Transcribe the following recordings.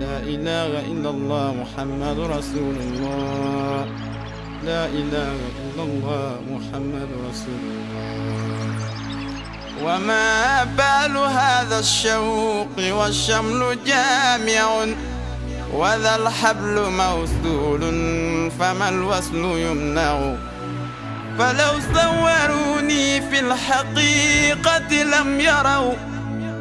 لا إله إلا الله محمد رسول الله لا إله إلا الله محمد رسول الله وما بال هذا الشوق والشمل جامع وذا الحبل موصول فما الوصل يمنع فلو صوروني في الحقيقة لم يروا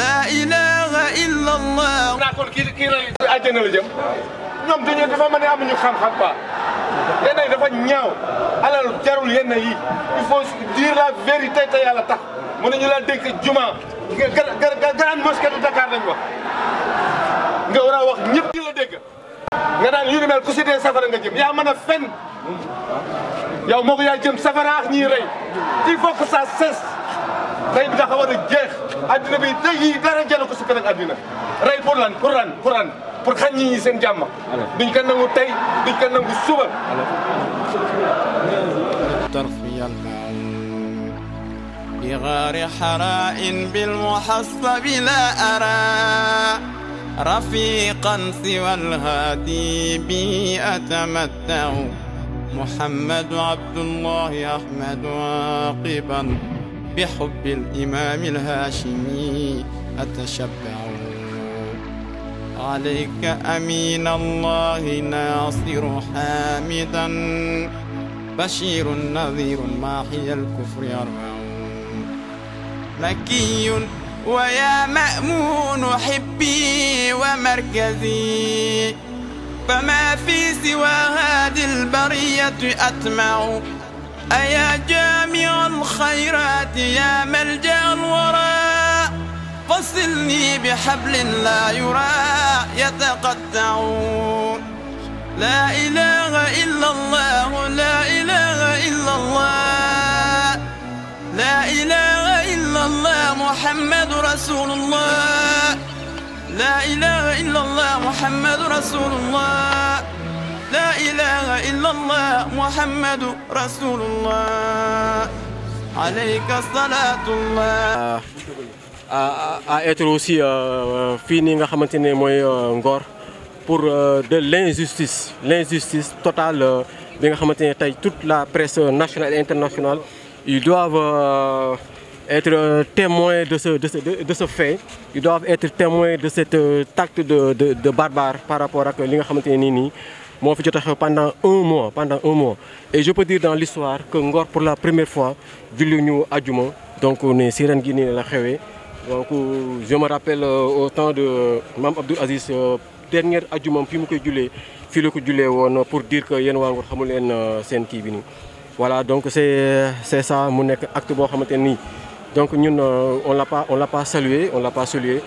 laa ilaaha illallah. naa kon kii kii lay àjjana la jëm ñoom dañoo dafa mën a ñu xam-xam quoi yenn yi dafa ñaaw alal jarul yenn yi il faut dire la vérité te yàlla tax mën nañu laa dégg juma grande mosquée de Dakar lañ wa nga war a wax ñëpp di la dégg nga daan yu ni ku si safara nga jëm yaa mën a fen yow moo ko yaa jëm safara ak ñiy rey il faut day taxaw a jeex adduna bi tey jii dara jëlee ko si kanam adduna rey pour lan pour lan pour lan pour xañ ñi seen jàmm. duñ ko nangu tey duñ ko nangu suba. بغار حراء بالمحصب لا أرى رفيقا سوى الهادي بي أتمتع محمد عبد الله أحمد واقبا بحب الإمام الهاشمي أتشبع عليك أمين الله ناصر حامدا بشير نذير ما حي الكفر يرفع مكي ويا مأمون حبي ومركزي فما في سوى هذه البرية أتمع أيا جامع الخيرات يا ملجأ الوراء فصلني بحبل لا يرى يتقطع لا إله إلا الله لا إله إلا الله لا إله إلا الله محمد رسول الله لا إله إلا الله محمد رسول الله لا إله إلا الله محمد رسول الله عليك à être euh, euh, fii nii nga xamante ne mooy euh, Ngor pour de l'injustice l'injustice totale bi nga xamante ne tey toute la presse nationale et internationale ils doivent être de ce de ce de ce fait ils doivent être témoins de cet acte de de de barbare par rapport ak li nga xamante ne nii nii. moo fi jot a xew pendant un mois pendant un mois et je peux dire dans l'histoire que Ngor pour la première fois julli ñu àjjuma donc ne si ren gi nii la xewee donc je me rappelle euh, au temps de Mame Abdou Aziz euh, dernière àjjuma fi mu koy jullee fii la ko jullee woon pour dire que yéen waa Ngor xamu leen euh, seen kii bi nii voilà donc c'est c'est ça mu nekk acte boo xamante nii donc ñun on l'a pas on l'a pas on l'a pas salué